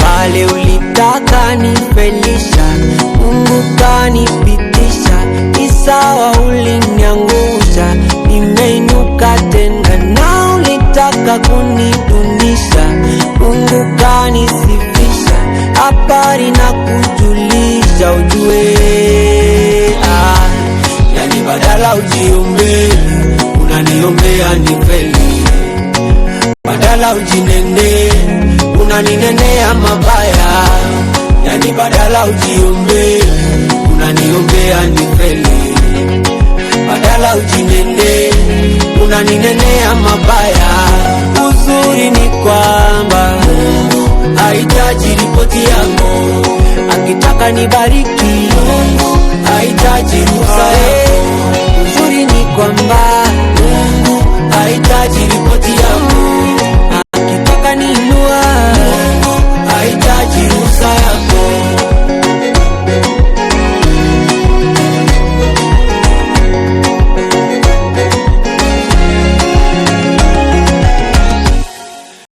Pale ulitaka nifelisha, Mungu kanipitisha, ni sawa, uliniangusha, nimeinuka tena, na ulitaka kunidunisha, Mungu kanisifisha, habari na kujulisha, ujue ah, yani badala ujiombee, unaniombea ni badala ujinene, unaninenea mabaya, yani badala ujiombe, unaniombea nifeli. Badala ujinene, unaninenea mabaya. Uzuri ni kwamba haitaji ripoti yako, akitaka nibariki haitaji